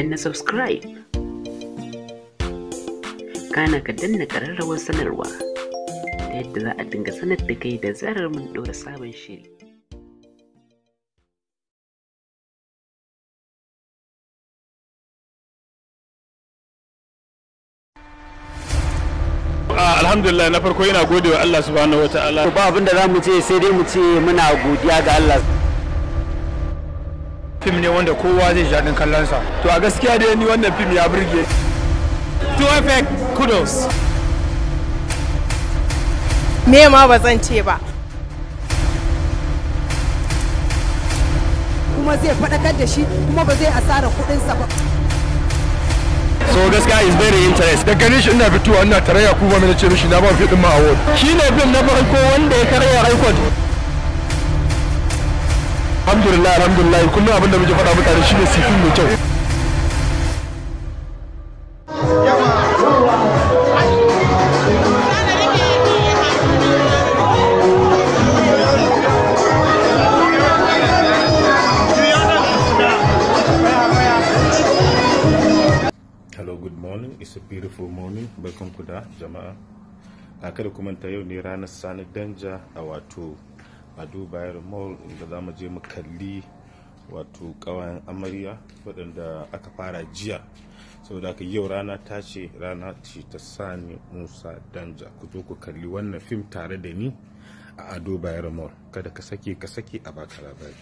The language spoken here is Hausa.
danna subscribe kana ka danna ƙararrawar sanarwa ta yadda za a dinga sanar da kai da zarar mun ɗora sabon shiri ah, alhamdulillah na farko yana gode wa Allah subhanahu wa ta'ala ba abinda za mu ce sai dai mu ce muna godiya ga Allah fim ne wanda kowa zai ji daɗin kallonsa to a gaskiya dai ni wannan fim ya burge to effect kudos me ma ba zan ce ba kuma zai faɗakar da shi kuma ba zai asara kuɗinsa ba so gaskiya is very interest da ganin shi ina fitowa ina tarayya kuma mai na ce mishi na ba fi ɗin ma'awon shi ne fim na farko wanda ya karya record alhamdulillah alhamdulillah kullum abinda da muke faɗa mutane shine sifin mai kyau morning da jama'a a kada kuma ta yau ne ranar sani danja a wato a bayar mall inda za mu je mu kalli wato kawayen amarya waɗanda aka fara jiya saboda haka yau rana ta ce rana ce ta sani musa danja ku zo ku kalli wannan fim tare da ni a ado bayar mall kada ka sake ka sake a baka labari